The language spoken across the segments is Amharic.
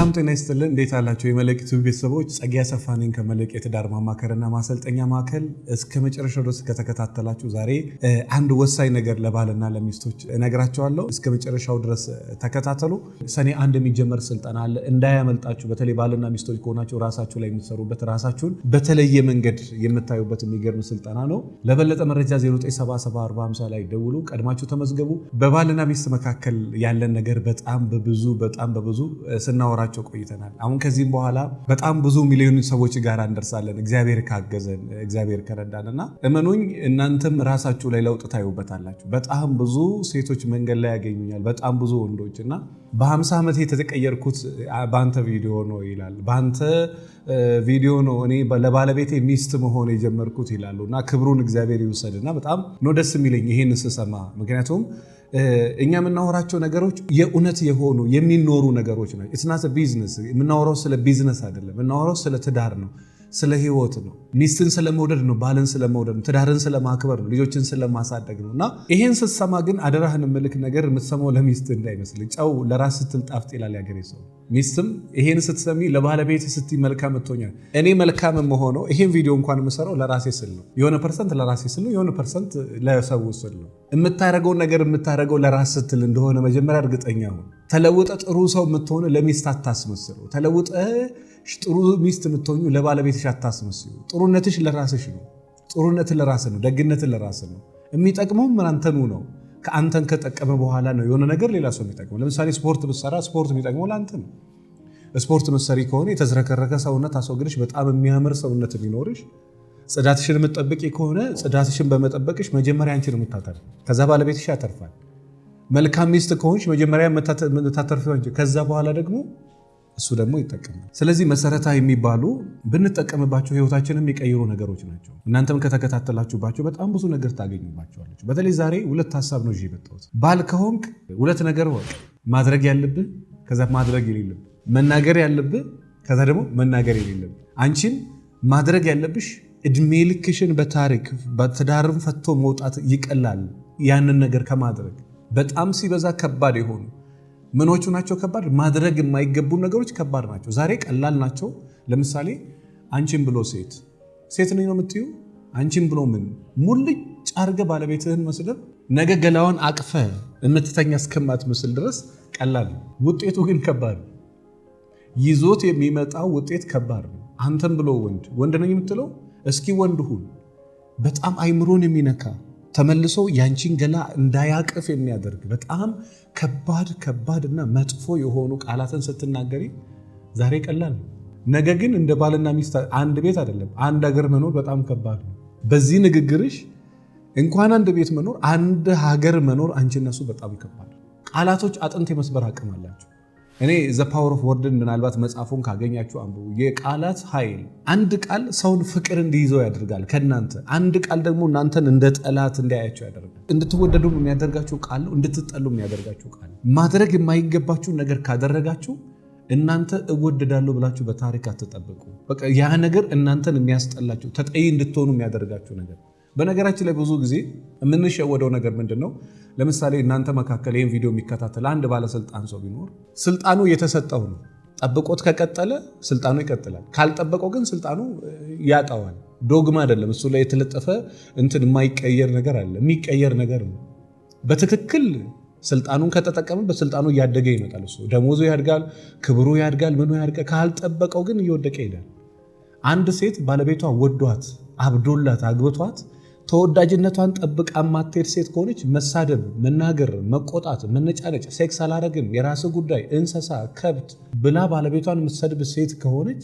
ሰላም ጤና ይስጥልን። እንዴት አላቸው የመልሕቅ ቤተሰቦች? ጸጋዬ አሰፋ ነኝ ከመልሕቅ የትዳር ማማከርና ማሰልጠኛ ማዕከል። እስከ መጨረሻው ድረስ ከተከታተላችሁ ዛሬ አንድ ወሳኝ ነገር ለባልና ለሚስቶች እነግራቸዋለሁ። እስከ መጨረሻው ድረስ ተከታተሉ። ሰኔ አንድ የሚጀመር ስልጠና አለ፣ እንዳያመልጣችሁ። በተለይ ባልና ሚስቶች ከሆናችሁ ራሳችሁ ላይ የምትሰሩበት ራሳችሁን በተለየ መንገድ የምታዩበት የሚገርም ስልጠና ነው። ለበለጠ መረጃ 097745 ላይ ደውሉ፣ ቀድማችሁ ተመዝገቡ። በባልና ሚስት መካከል ያለን ነገር በጣም በብዙ በጣም በብዙ ስናወራ ስናወራቸው ቆይተናል። አሁን ከዚህም በኋላ በጣም ብዙ ሚሊዮን ሰዎች ጋር እንደርሳለን፣ እግዚአብሔር ካገዘን፣ እግዚአብሔር ከረዳን እና እመኑኝ እናንተም ራሳችሁ ላይ ለውጥ ታዩበታላችሁ። በጣም ብዙ ሴቶች መንገድ ላይ ያገኙኛል፣ በጣም ብዙ ወንዶች እና በ50 ዓመት የተቀየርኩት በአንተ ቪዲዮ ነው ይላል። በአንተ ቪዲዮ ነው እኔ ለባለቤቴ ሚስት መሆን የጀመርኩት ይላሉ እና ክብሩን እግዚአብሔር ይውሰድና በጣም ነው ደስ የሚለኝ ይሄን ስሰማ ምክንያቱም እኛ የምናወራቸው ነገሮች የእውነት የሆኑ የሚኖሩ ነገሮች ናቸው። ኢትስ ናት ቢዝነስ። የምናወራው ስለ ቢዝነስ አይደለም። የምናወራው ስለ ትዳር ነው። ስለ ህይወት ነው። ሚስትን ስለመውደድ ነው። ባልን ስለመውደድ ነው። ትዳርን ስለማክበር ነው። ልጆችን ስለማሳደግ ነው። እና ይሄን ስትሰማ ግን አደራህን ምልክ ነገር የምትሰማው ለሚስት እንዳይመስል ጨው ለራስ ስትል ጣፍጥ ይላል ያገሬ ሰው። ሚስትም ይሄን ስትሰሚ ለባለቤት ስቲ መልካም እትሆኛል። እኔ መልካም የምሆነው ይሄን ቪዲዮ እንኳን የምሰራው ለራሴ ስል ነው። የሆነ ፐርሰንት ለራሴ ስል ነው፣ የሆነ ፐርሰንት ለሰው ስል ነው። የምታደርገውን ነገር የምታደረገው ለራስ ስትል እንደሆነ መጀመሪያ እርግጠኛ ሁን። ተለውጠ ጥሩ ሰው የምትሆነ ለሚስት አታስመስለው። ተለውጠ ጥሩ ሚስት የምትሆኙ ለባለቤትሽ አታስመስሉ። ጥሩነትሽ ለራስሽ ነው። ጥሩነትን ለራስ ነው። ደግነትን ለራስ ነው። የሚጠቅመውም አንተኑ ነው። ከአንተን ከጠቀመ በኋላ ነው የሆነ ነገር ሌላ ሰው የሚጠቅመው። ለምሳሌ ስፖርት ብትሰራ ስፖርት የሚጠቅመው ለአንተ ነው። ስፖርት መሰሪ ከሆነ የተዝረከረከ ሰውነት አስወግደሽ በጣም የሚያምር ሰውነት ሊኖርሽ፣ ጽዳትሽን የምትጠብቂ ከሆነ ጽዳትሽን በመጠበቅሽ መጀመሪያ አንቺ ነው የምታተርፍ፣ ከዛ ባለቤትሽ ያተርፋል። መልካም ሚስት ከሆንሽ መጀመሪያ የምታተርፊው ከዛ በኋላ ደግሞ እሱ ደግሞ ይጠቀማል። ስለዚህ መሰረታዊ የሚባሉ ብንጠቀምባቸው ህይወታችን የሚቀይሩ ነገሮች ናቸው። እናንተም ከተከታተላችሁባቸው በጣም ብዙ ነገር ታገኙባቸዋለች። በተለይ ዛሬ ሁለት ሀሳብ ነው የመጣሁት። ባል ከሆንክ ሁለት ነገር ወቅ ማድረግ ያለብህ ከዛ ማድረግ የሌለብህ፣ መናገር ያለብህ ከዛ ደግሞ መናገር የሌለብህ። አንቺን ማድረግ ያለብሽ እድሜ ልክሽን በታሪክ በትዳርም ፈቶ መውጣት ይቀላል። ያንን ነገር ከማድረግ በጣም ሲበዛ ከባድ የሆኑ ምኖቹ ናቸው ከባድ? ማድረግ የማይገቡ ነገሮች ከባድ ናቸው። ዛሬ ቀላል ናቸው። ለምሳሌ አንቺን ብሎ ሴት ሴት ነኝ ነው የምትዩ አንቺን ብሎ ምን ሙልጭ አርገ ባለቤትህን መስደብ ነገ ገላውን አቅፈ የምትተኛ ምስል ድረስ ቀላል ውጤቱ ግን ከባድ ይዞት የሚመጣው ውጤት ከባድ ነው። አንተን ብሎ ወንድ ወንድ ነኝ የምትለው እስኪ ወንድ ሁን። በጣም አይምሮን የሚነካ ተመልሶ ያንቺን ገላ እንዳያቅፍ የሚያደርግ በጣም ከባድ ከባድ እና መጥፎ የሆኑ ቃላትን ስትናገሪ ዛሬ ቀላል ነው፣ ነገ ግን እንደ ባልና ሚስት አንድ ቤት አይደለም አንድ ሀገር መኖር በጣም ከባድ ነው። በዚህ ንግግርሽ እንኳን አንድ ቤት መኖር አንድ ሀገር መኖር አንቺ እነሱ በጣም ነው ቃላቶች አጥንት የመስበር አቅም አላቸው። እኔ ዘ ፓወር ኦፍ ወርድን ምናልባት መጽሐፉን ካገኛችሁ አንብቡ። የቃላት ኃይል አንድ ቃል ሰውን ፍቅር እንዲይዘው ያደርጋል ከእናንተ አንድ ቃል ደግሞ እናንተን እንደ ጠላት እንዲያያቸው ያደርጋል። እንድትወደዱ የሚያደርጋችሁ ቃል ነው፣ እንድትጠሉ የሚያደርጋችሁ ቃል ነው። ማድረግ የማይገባችሁ ነገር ካደረጋችሁ እናንተ እወደዳለሁ ብላችሁ በታሪክ አትጠብቁ። በቃ ያ ነገር እናንተን የሚያስጠላችሁ ተጠይ እንድትሆኑ የሚያደርጋችሁ ነገር በነገራችን ላይ ብዙ ጊዜ የምንሸወደው ነገር ምንድን ነው? ለምሳሌ እናንተ መካከል ይህን ቪዲዮ የሚከታተል አንድ ባለስልጣን ሰው ቢኖር ስልጣኑ የተሰጠው ነው። ጠብቆት ከቀጠለ ስልጣኑ ይቀጥላል። ካልጠበቀው ግን ስልጣኑ ያጣዋል። ዶግማ አይደለም እሱ ላይ የተለጠፈ እንትን የማይቀየር ነገር አለ። የሚቀየር ነገር ነው። በትክክል ስልጣኑን ከተጠቀመ ስልጣኑ እያደገ ይመጣል። እሱ ደሞዙ ያድጋል፣ ክብሩ ያድጋል፣ ምኑ ያድጋል። ካልጠበቀው ግን እየወደቀ ይሄዳል። አንድ ሴት ባለቤቷ ወዷት አብዶላት አግብቷት ተወዳጅነቷን ጠብቃ ማትሄድ ሴት ከሆነች መሳደብ፣ መናገር፣ መቆጣት፣ መነጫነጭ፣ ሴክስ አላረግም፣ የራስ ጉዳይ፣ እንስሳ፣ ከብት ብላ ባለቤቷን የምትሰድብ ሴት ከሆነች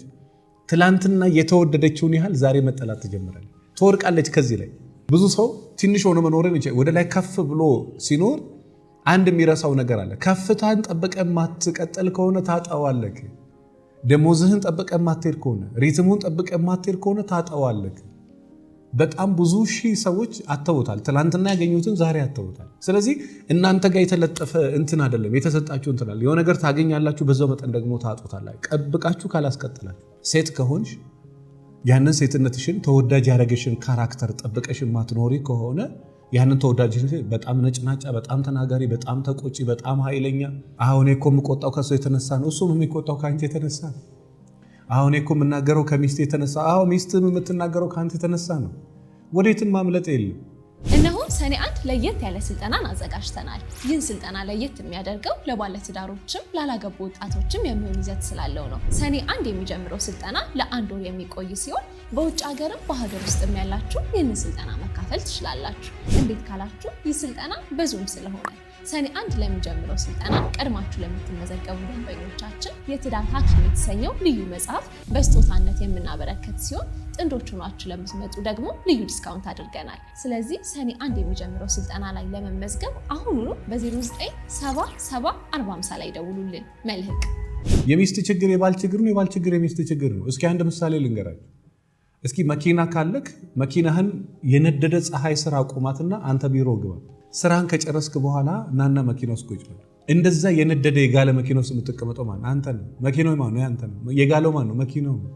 ትላንትና የተወደደችውን ያህል ዛሬ መጠላት ትጀምራለች፣ ትወድቃለች። ከዚህ ላይ ብዙ ሰው ትንሽ ሆኖ መኖርን ወደ ላይ ከፍ ብሎ ሲኖር አንድ የሚረሳው ነገር አለ። ከፍታን ጠብቀ ማትቀጠል ከሆነ ታጠዋለክ። ደሞዝህን ጠብቀ ማትሄድ ከሆነ ሪትሙን ጠብቀ ማትሄድ ከሆነ ታጠዋለክ። በጣም ብዙ ሺህ ሰዎች አተውታል። ትናንትና ያገኙትን ዛሬ አተውታል። ስለዚህ እናንተ ጋር የተለጠፈ እንትን አይደለም የተሰጣችሁ እንትን አለ። የሆነ ነገር ታገኛላችሁ፣ በዛው መጠን ደግሞ ታጡታላችሁ። ቀብቃችሁ ካላስቀጥላችሁ ሴት ከሆንሽ ያንን ሴትነትሽን ተወዳጅ ያደረገሽን ካራክተር ጠብቀሽ ማትኖሪ ከሆነ ያንን ተወዳጅ በጣም ነጭናጫ፣ በጣም ተናጋሪ፣ በጣም ተቆጪ፣ በጣም ኃይለኛ አሁን እኮ የምቆጣው ከሰው የተነሳ ነው፣ እሱም የሚቆጣው ከአንቺ የተነሳ ነው አሁን እኮ የምናገረው ከሚስት የተነሳ አዎ፣ ሚስት የምትናገረው ከአንተ የተነሳ ነው። ወዴትም ማምለጥ የለም። እነሆ ሰኔ አንድ ለየት ያለ ስልጠናን አዘጋጅተናል። ይህን ስልጠና ለየት የሚያደርገው ለባለትዳሮችም ላላገቡ ወጣቶችም የሚሆን ይዘት ስላለው ነው። ሰኔ አንድ የሚጀምረው ስልጠና ለአንድ ወር የሚቆይ ሲሆን በውጭ ሀገርም በሀገር ውስጥም ያላችሁ ይህንን ስልጠና መካፈል ትችላላችሁ። እንዴት ካላችሁ ይህ ስልጠና በዙም ስለሆነ ሰኔ አንድ ለሚጀምረው ስልጠና ቀድማችሁ ለምትመዘገቡ ደንበኞቻችን የትዳር ሐኪም የተሰኘው ልዩ መጽሐፍ በስጦታነት የምናበረከት ሲሆን ጥንዶች ሆናችሁ ለምትመጡ ደግሞ ልዩ ዲስካውንት አድርገናል። ስለዚህ ሰኔ አንድ የሚጀምረው ስልጠና ላይ ለመመዝገብ አሁኑኑ በ 450 ላይ ደውሉልን። መልህቅ የሚስት ችግር የባል ችግር ነው፣ የባል ችግር የሚስት ችግር ነው። እስኪ አንድ ምሳሌ ልንገራችሁ። እስኪ መኪና ካለክ መኪናህን የነደደ ፀሐይ ስራ አቁማትና አንተ ቢሮ ግባ ስራን ከጨረስክ በኋላ እናና መኪና ውስጥ ቁጭ በል። እንደዛ የነደደ የጋለ መኪና ውስጥ የምትቀመጠው ማነው? አንተ ነህ። መኪናው ማነው? አንተ ነህ። የጋለው ማነው? መኪናው ነው።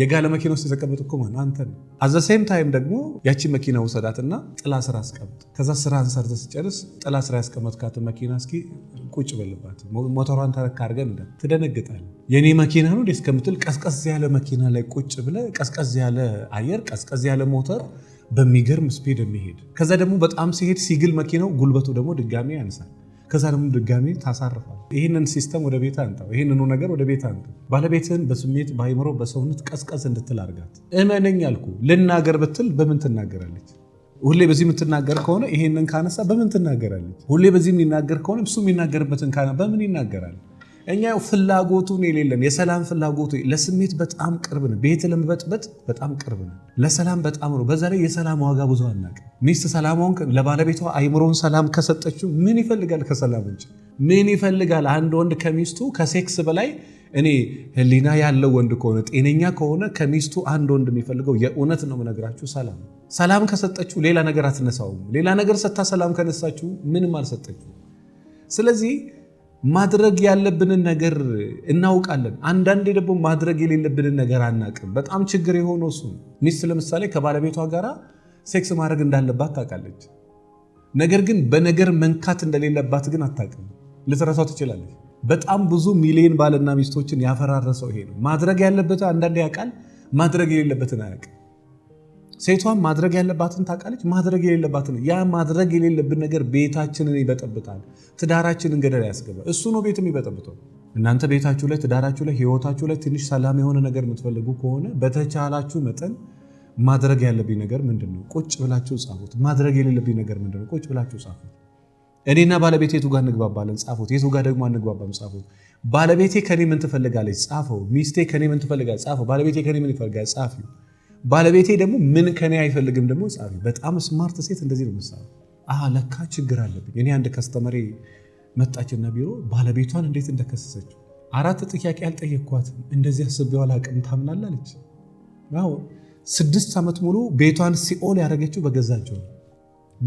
የጋለ መኪና ውስጥ የተቀመጠ እኮ ማነው? አንተ ነው። አዘሴም ታይም ደግሞ ያቺ መኪና ውሰዳትና ጥላ ስራ አስቀምጥ። ከዛ ስራ አንሰርተ ስጨርስ ጥላ ስራ ያስቀመጥካትን መኪና እስኪ ቁጭ በልባት ሞተሯን ተረካ አድርገን እንደ ትደነግጣል። የእኔ መኪና ነው እስከምትል ቀዝቀዝ ያለ መኪና ላይ ቁጭ ብለ ቀዝቀዝ ያለ አየር፣ ቀዝቀዝ ያለ ሞተር በሚገርም ስፒድ የሚሄድ ከዛ ደግሞ በጣም ሲሄድ ሲግል መኪናው ጉልበቱ ደግሞ ድጋሜ ያንሳል። ከዛ ደግሞ ድጋሜ ታሳርፋል። ይህንን ሲስተም ወደ ቤት አንጣው፣ ይህንኑ ነገር ወደ ቤት አንጣው። ባለቤትህን በስሜት በአይምሮ በሰውነት ቀዝቀዝ እንድትል አርጋት። እመነኝ አልኩ። ልናገር ብትል በምን ትናገራለች? ሁሌ በዚህ የምትናገር ከሆነ ይሄንን ካነሳ በምን ትናገራለች? ሁሌ በዚህ የሚናገር ከሆነ እሱ የሚናገርበትን በምን ይናገራል? እኛ ፍላጎቱን የሌለን የሰላም ፍላጎቱ ለስሜት በጣም ቅርብ ነው። ቤት ለመበጥበጥ በጣም ቅርብ ነው። ለሰላም በጣም ነው። በዛ ላይ የሰላም ዋጋ ብዙ አናውቅም። ሚስት ሰላማውን ለባለቤቷ አይምሮን ሰላም ከሰጠችው ምን ይፈልጋል? ከሰላም ውጭ ምን ይፈልጋል? አንድ ወንድ ከሚስቱ ከሴክስ በላይ እኔ ህሊና ያለው ወንድ ከሆነ ጤነኛ ከሆነ ከሚስቱ አንድ ወንድ የሚፈልገው የእውነት ነው የምነግራችሁ ሰላም። ሰላም ከሰጠችሁ ሌላ ነገር አትነሳውም። ሌላ ነገር ሰታ ሰላም ከነሳችሁ ምንም አልሰጠችው። ስለዚህ ማድረግ ያለብንን ነገር እናውቃለን። አንዳንዴ ደግሞ ማድረግ የሌለብንን ነገር አናቅም። በጣም ችግር የሆነው እሱ። ሚስት ለምሳሌ ከባለቤቷ ጋር ሴክስ ማድረግ እንዳለባት ታውቃለች። ነገር ግን በነገር መንካት እንደሌለባት ግን አታውቅም። ልትረሳው ትችላለች። በጣም ብዙ ሚሊዮን ባልና ሚስቶችን ያፈራረሰው ይሄ ነው። ማድረግ ያለበት አንዳንዴ ያውቃል፣ ማድረግ የሌለበትን አያውቅም። ሴቷን ማድረግ ያለባትን ታውቃለች፣ ማድረግ የሌለባትን። ያ ማድረግ የሌለብን ነገር ቤታችንን ይበጠብጣል፣ ትዳራችንን ገደል ያስገባል። እሱ ነው ቤትም ይበጠብጠው። እናንተ ቤታችሁ ላይ፣ ትዳራችሁ ላይ፣ ህይወታችሁ ላይ ትንሽ ሰላም የሆነ ነገር የምትፈልጉ ከሆነ በተቻላችሁ መጠን ማድረግ ያለብኝ ነገር ምንድን ነው? ቁጭ ብላችሁ ጻፉት። ማድረግ የሌለብኝ ነገር ምንድን ነው? ቁጭ ብላችሁ ጻፉት። እኔና ባለቤቴ የቱ ጋር እንግባባለን? ጻፉት። የቱ ጋር ደግሞ አንግባባም? ጻፉት። ባለቤቴ ከኔ ምን ትፈልጋለች? ጻፈው። ሚስቴ ከኔ ምን ትፈልጋለች? ጻፈው። ባለቤቴ ከኔ ምን ይፈልጋል? ጻፊው። ባለቤቴ ደግሞ ምን ከኔ አይፈልግም ደግሞ ጻፊ። በጣም ስማርት ሴት እንደዚህ ነው ምሳ ለካ ችግር አለብኝ። እኔ አንድ ከስተመሬ መጣችና ቢሮ ባለቤቷን እንዴት እንደከሰሰችው አራት ጥያቄ አልጠየኳትም። እንደዚህ አስቤው አላቅም። ታምናለህ አለች። ስድስት ዓመት ሙሉ ቤቷን ሲኦል ያደረገችው በገዛ እጇ ነው።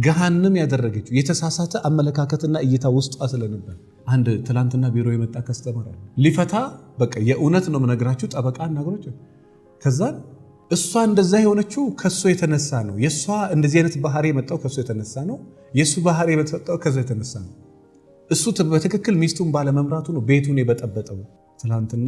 ገሃንም ያደረገችው የተሳሳተ አመለካከትና እይታ ውስጧ ስለነበር። አንድ ትላንትና ቢሮ የመጣ ከስተመር ሊፈታ በቃ የእውነት ነው የምነግራችሁ ጠበቃ አናግሮች ከዛን እሷ እንደዛ የሆነችው ከሱ የተነሳ ነው። የእሷ እንደዚህ አይነት ባህሪ የመጣው ከሱ የተነሳ ነው። የእሱ ባህሪ የመጣው ከዚ የተነሳ ነው። እሱ በትክክል ሚስቱን ባለመምራቱ ነው ቤቱን የበጠበጠው። ትላንትና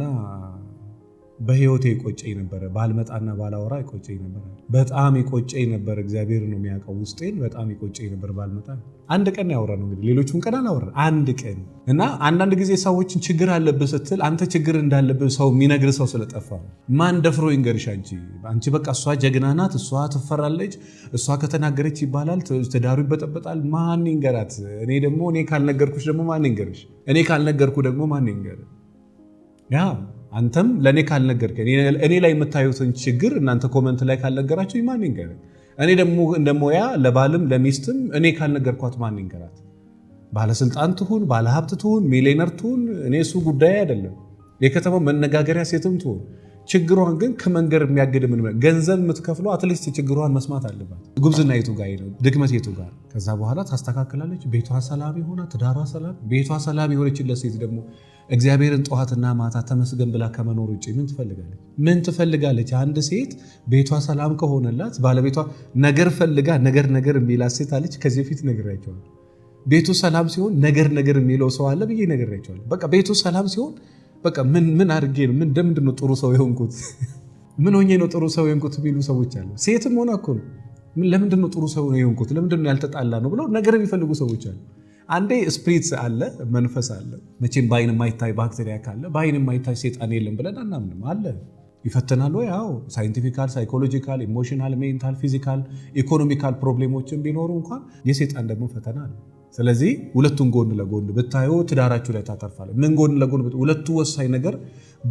በህይወቴ የቆጨኝ ነበረ። ባልመጣና ባላወራ የቆጨኝ ነበረ። በጣም የቆጨኝ ነበር። እግዚአብሔር ነው የሚያውቀው ውስጤን። በጣም የቆጨኝ ነበር ባልመጣ። አንድ ቀን ያወራ ነው እንግዲህ፣ ሌሎቹም ቀን አላወራ አንድ ቀን እና አንዳንድ ጊዜ ሰዎችን ችግር አለብህ ስትል አንተ ችግር እንዳለብህ ሰው የሚነግር ሰው ስለጠፋ ማን ደፍሮ ይንገርሽ? አንቺ አንቺ በቃ እሷ ጀግና ናት፣ እሷ ትፈራለች፣ እሷ ከተናገረች ይባላል፣ ትዳሩ ይበጠበጣል። ማን ይንገራት? እኔ ደግሞ እኔ ካልነገርኩሽ ደግሞ ማን ይንገርሽ? እኔ ካልነገርኩ ደግሞ ማን ይንገር? አንተም ለእኔ ካልነገርከኝ እኔ ላይ የምታዩትን ችግር እናንተ ኮመንት ላይ ካልነገራችሁ ማን ይንገረኝ? እኔ ደግሞ እንደ ሞያ ለባልም ለሚስትም እኔ ካልነገርኳት ማን ይንገራት? ባለስልጣን ትሁን፣ ባለሀብት ትሁን፣ ሚሊነር ትሁን፣ እኔ እሱ ጉዳይ አይደለም። የከተማ መነጋገሪያ ሴትም ትሁን ችግሯን ግን ከመንገድ የሚያግድ ምን ገንዘብ የምትከፍለው አትሊስት ችግሯን መስማት አለባት። ጉብዝና የቱ ጋር ነው? ድክመት የቱ ጋር? ከዛ በኋላ ታስተካክላለች። ቤቷ ሰላም የሆነ ትዳሯ ሰላም ቤቷ ሰላም የሆነችለት ሴት ደግሞ እግዚአብሔርን ጠዋትና ማታ ተመስገን ብላ ከመኖር ውጭ ምን ትፈልጋለች? ምን ትፈልጋለች? አንድ ሴት ቤቷ ሰላም ከሆነላት ባለቤቷ ነገር ፈልጋ ነገር ነገር የሚላት ሴት አለች። ከዚህ በፊት ነግሬያቸዋለሁ። ቤቱ ሰላም ሲሆን ነገር ነገር የሚለው ሰው አለ ብዬ ነግሬያቸዋለሁ። በቃ ቤቱ ሰላም ሲሆን በቃ ምን ምን አድርጌ ነው ምን እንደምንድን ነው ጥሩ ሰው የሆንኩት ምን ሆኜ ነው ጥሩ ሰው የሆንኩት የሚሉ ሰዎች አሉ። ሴትም ሆና እኮ ነው ለምንድን ነው ጥሩ ሰው የሆንኩት ለምንድን ነው ያልተጣላ ነው ብለው ነገር የሚፈልጉ ሰዎች አሉ። አንዴ ስፕሪት አለ፣ መንፈስ አለ። መቼም በአይን የማይታይ ባክቴሪያ ካለ በአይን የማይታይ ሴጣን የለም ብለን አናምንም። አለ ይፈተናል ወይ? አዎ። ሳይንቲፊካል፣ ሳይኮሎጂካል፣ ኢሞሽናል፣ ሜንታል፣ ፊዚካል፣ ኢኮኖሚካል ፕሮብሌሞችን ቢኖሩ እንኳን የሴጣን ደግሞ ፈተና አለ። ስለዚህ ሁለቱን ጎን ለጎን ብታዩ ትዳራችሁ ላይ ታተርፋለ። ምን ጎን ለጎን ሁለቱ ወሳኝ ነገር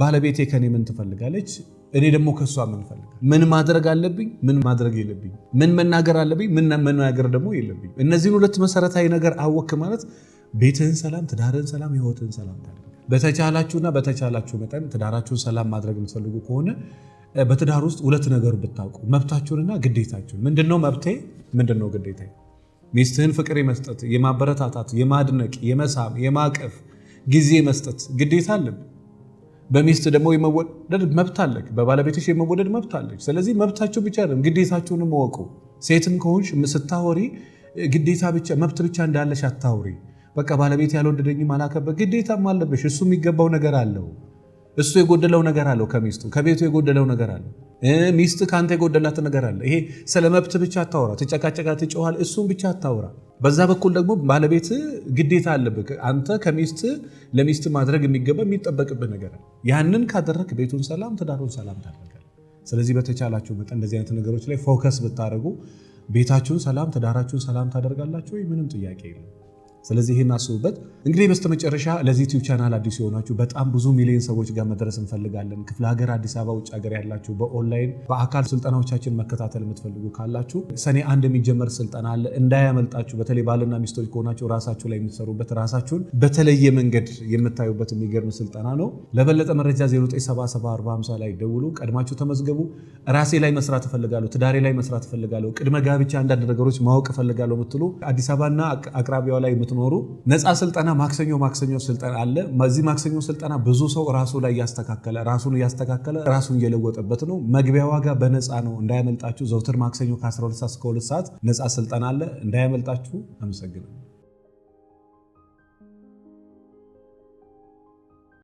ባለቤቴ ከኔ ምን ትፈልጋለች እኔ ደግሞ ከእሷ ምን ምን ማድረግ አለብኝ? ምን ማድረግ የለብኝ? ምን መናገር አለብኝ? ምን መናገር ደግሞ የለብኝ? እነዚህን ሁለት መሰረታዊ ነገር አወክ ማለት ቤትህን ሰላም፣ ትዳርህን ሰላም፣ ህይወትህን ሰላም በተቻላችሁና በተቻላችሁ መጠን ትዳራችሁን ሰላም ማድረግ የምትፈልጉ ከሆነ በትዳር ውስጥ ሁለት ነገር ብታውቁ መብታችሁንና ግዴታችሁን። ምንድነው መብቴ? ምንድነው ግዴታ? ሚስትህን ፍቅር የመስጠት የማበረታታት፣ የማድነቅ፣ የመሳም፣ የማቀፍ ጊዜ መስጠት ግዴታ አለብን። በሚስት ደግሞ የመወደድ መብት አለክ፣ በባለቤቶች የመወደድ መብት አለች። ስለዚህ መብታቸው ብቻ አይደለም ግዴታቸውንም እወቁ። ሴትም ከሆንሽ ስታወሪ ግዴታ ብቻ መብት ብቻ እንዳለሽ አታውሪ። በቃ ባለቤት ያልወደደኝም አላከበ ግዴታም አለብሽ። እሱ የሚገባው ነገር አለው። እሱ የጎደለው ነገር አለው ከሚስቱ ከቤቱ የጎደለው ነገር አለው። ሚስት ከአንተ የጎደላት ነገር አለ። ይሄ ስለ መብት ብቻ አታወራ፣ ትጨቃጨቃ፣ ትጮኋል፣ እሱን ብቻ አታወራ። በዛ በኩል ደግሞ ባለቤት ግዴታ አለብህ። አንተ ከሚስት ለሚስት ማድረግ የሚገባ የሚጠበቅብህ ነገር ያንን ካደረክ ቤቱን ሰላም፣ ትዳሩን ሰላም ታደርጋለህ። ስለዚህ በተቻላችሁ መጠን እንደዚህ አይነት ነገሮች ላይ ፎከስ ብታደርጉ ቤታችሁን ሰላም፣ ትዳራችሁን ሰላም ታደርጋላችሁ። ምንም ጥያቄ የለም። ስለዚህ ይህን አስቡበት። እንግዲህ በስተመጨረሻ ለዚህ ዩቲዩብ ቻናል አዲስ የሆናችሁ በጣም ብዙ ሚሊዮን ሰዎች ጋር መድረስ እንፈልጋለን። ክፍለ ሀገር፣ አዲስ አበባ፣ ውጭ ሀገር ያላችሁ በኦንላይን በአካል ስልጠናዎቻችን መከታተል የምትፈልጉ ካላችሁ ሰኔ አንድ የሚጀመር ስልጠና አለ፣ እንዳያመልጣችሁ። በተለይ ባልና ሚስቶች ከሆናችሁ ራሳችሁ ላይ የምትሰሩበት ራሳችሁን በተለየ መንገድ የምታዩበት የሚገርም ስልጠና ነው። ለበለጠ መረጃ 097745 ላይ ደውሉ፣ ቀድማችሁ ተመዝገቡ። ራሴ ላይ መስራት እፈልጋለሁ፣ ትዳሬ ላይ መስራት እፈልጋለሁ፣ ቅድመ ጋብቻ አንዳንድ ነገሮች ማወቅ እፈልጋለሁ የምትሉ አዲስ አበባና አቅራቢያ ላይ ስትኖሩ ነፃ ስልጠና ማክሰኞ ማክሰኞ ስልጠና አለ። እዚህ ማክሰኞ ስልጠና ብዙ ሰው ራሱ ላይ እያስተካከለ ራሱን እያስተካከለ ራሱን እየለወጠበት ነው። መግቢያ ዋጋ በነፃ ነው፣ እንዳያመልጣችሁ። ዘውትር ማክሰኞ ከ12 እስከ 2 ሰዓት ነፃ ስልጠና አለ፣ እንዳያመልጣችሁ። አመሰግናለሁ።